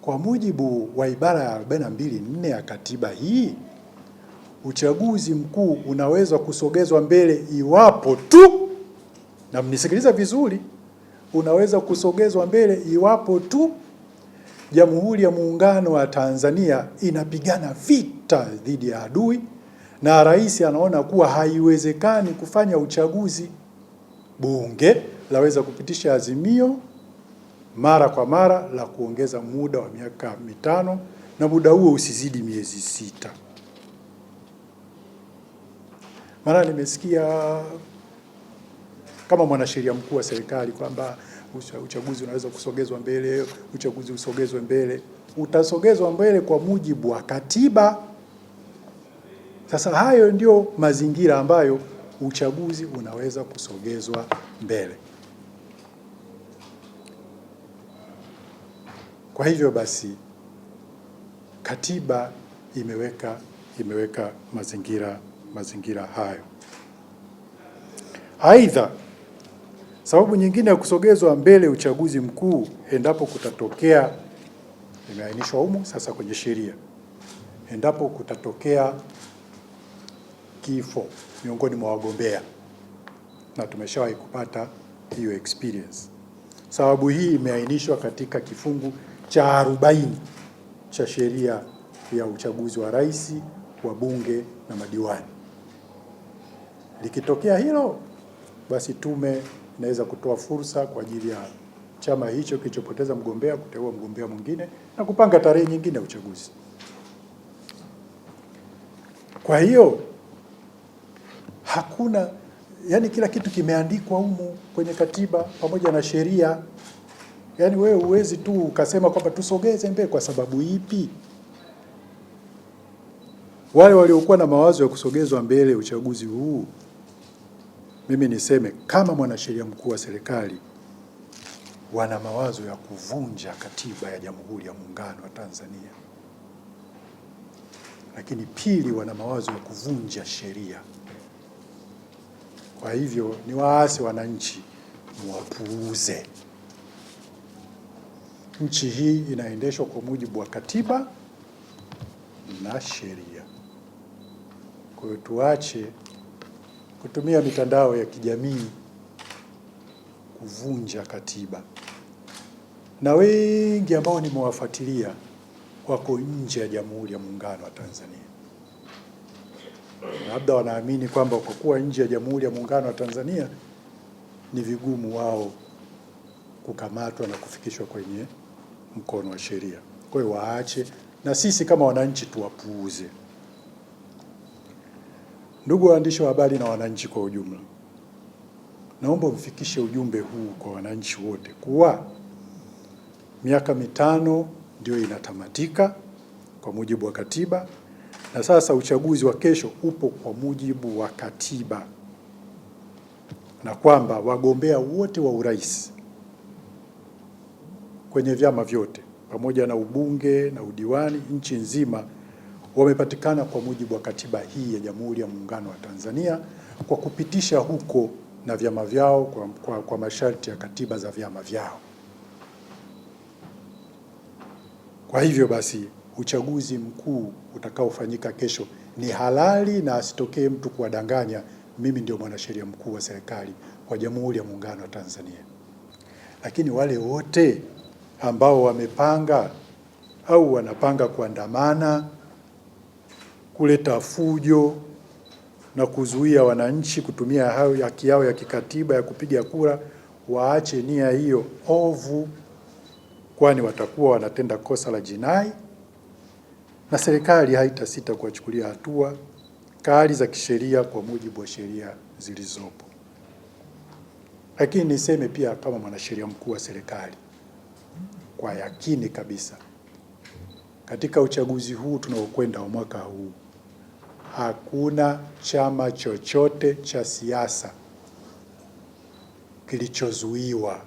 Kwa mujibu wa ibara ya 424 ya katiba hii, uchaguzi mkuu unaweza kusogezwa mbele iwapo tu, na mnisikiliza vizuri, unaweza kusogezwa mbele iwapo tu Jamhuri ya Muungano wa Tanzania inapigana vita dhidi ya adui na rais anaona kuwa haiwezekani kufanya uchaguzi. Bunge laweza kupitisha azimio mara kwa mara la kuongeza muda wa miaka mitano na muda huo usizidi miezi sita. Mara nimesikia kama mwanasheria mkuu wa serikali kwamba uchaguzi unaweza kusogezwa mbele, uchaguzi usogezwe mbele. Utasogezwa mbele kwa mujibu wa katiba. Sasa hayo ndio mazingira ambayo uchaguzi unaweza kusogezwa mbele. Kwa hivyo basi katiba imeweka, imeweka mazingira, mazingira hayo. Aidha, sababu nyingine ya kusogezwa mbele uchaguzi mkuu endapo kutatokea, imeainishwa humo sasa kwenye sheria, endapo kutatokea kifo miongoni mwa wagombea, na tumeshawahi kupata hiyo experience. Sababu hii imeainishwa katika kifungu cha 40 cha sheria ya uchaguzi wa rais, wa bunge na madiwani. Likitokea hilo, basi tume inaweza kutoa fursa kwa ajili ya chama hicho kilichopoteza mgombea kuteua mgombea mwingine na kupanga tarehe nyingine ya uchaguzi. Kwa hiyo hakuna yani kila kitu kimeandikwa humu kwenye katiba pamoja na sheria. Yani wewe huwezi tu ukasema kwamba tusogeze mbele kwa sababu ipi? Wale waliokuwa na mawazo ya kusogezwa mbele uchaguzi huu, mimi niseme kama mwanasheria mkuu wa serikali, wana mawazo ya kuvunja katiba ya Jamhuri ya Muungano wa Tanzania, lakini pili, wana mawazo ya kuvunja sheria. Kwa hivyo ni waasi wananchi, mwapuuze. Nchi hii inaendeshwa kwa mujibu wa katiba na sheria. Kwa hiyo tuache kutumia mitandao ya kijamii kuvunja katiba, na wengi ambao nimewafuatilia wako nje ya Jamhuri ya Muungano wa Tanzania labda wanaamini kwamba kwa kuwa nje ya Jamhuri ya Muungano wa Tanzania ni vigumu wao kukamatwa na kufikishwa kwenye mkono wa sheria. Kwa hiyo waache, na sisi kama wananchi tuwapuuze. Ndugu waandishi wa habari na wananchi kwa ujumla, naomba mfikishe ujumbe huu kwa wananchi wote kuwa miaka mitano ndio inatamatika kwa mujibu wa katiba na sasa uchaguzi wa kesho upo kwa mujibu wa katiba, na kwamba wagombea wote wa urais kwenye vyama vyote pamoja na ubunge na udiwani nchi nzima wamepatikana kwa mujibu wa katiba hii ya Jamhuri ya Muungano wa Tanzania kwa kupitisha huko na vyama vyao kwa, kwa, kwa masharti ya katiba za vyama vyao. Kwa hivyo basi uchaguzi mkuu utakaofanyika kesho ni halali na asitokee mtu kuwadanganya, mimi ndio mwanasheria mkuu wa serikali wa Jamhuri ya Muungano wa Tanzania. Lakini wale wote ambao wamepanga au wanapanga kuandamana, kuleta fujo na kuzuia wananchi kutumia haki yao ya kikatiba ya kupiga kura, waache nia hiyo ovu, kwani watakuwa wanatenda kosa la jinai na serikali haitasita kuwachukulia hatua kali za kisheria kwa mujibu wa sheria zilizopo. Lakini niseme pia kama mwanasheria mkuu wa serikali, kwa yakini kabisa, katika uchaguzi huu tunaokwenda wa mwaka huu, hakuna chama chochote cha siasa kilichozuiwa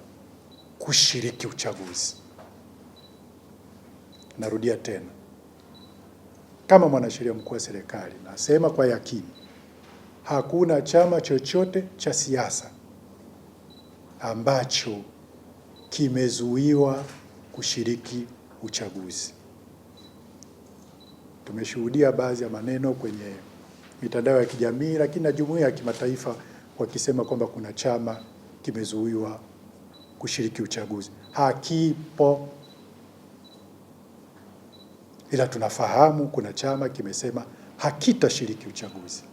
kushiriki uchaguzi. Narudia tena. Kama mwanasheria mkuu wa serikali, nasema kwa yakini, hakuna chama chochote cha siasa ambacho kimezuiwa kushiriki uchaguzi. Tumeshuhudia baadhi ya maneno kwenye mitandao ya kijamii, lakini na jumuiya ya kimataifa wakisema kwamba kuna chama kimezuiwa kushiriki uchaguzi. Hakipo ila tunafahamu kuna chama kimesema hakitashiriki uchaguzi.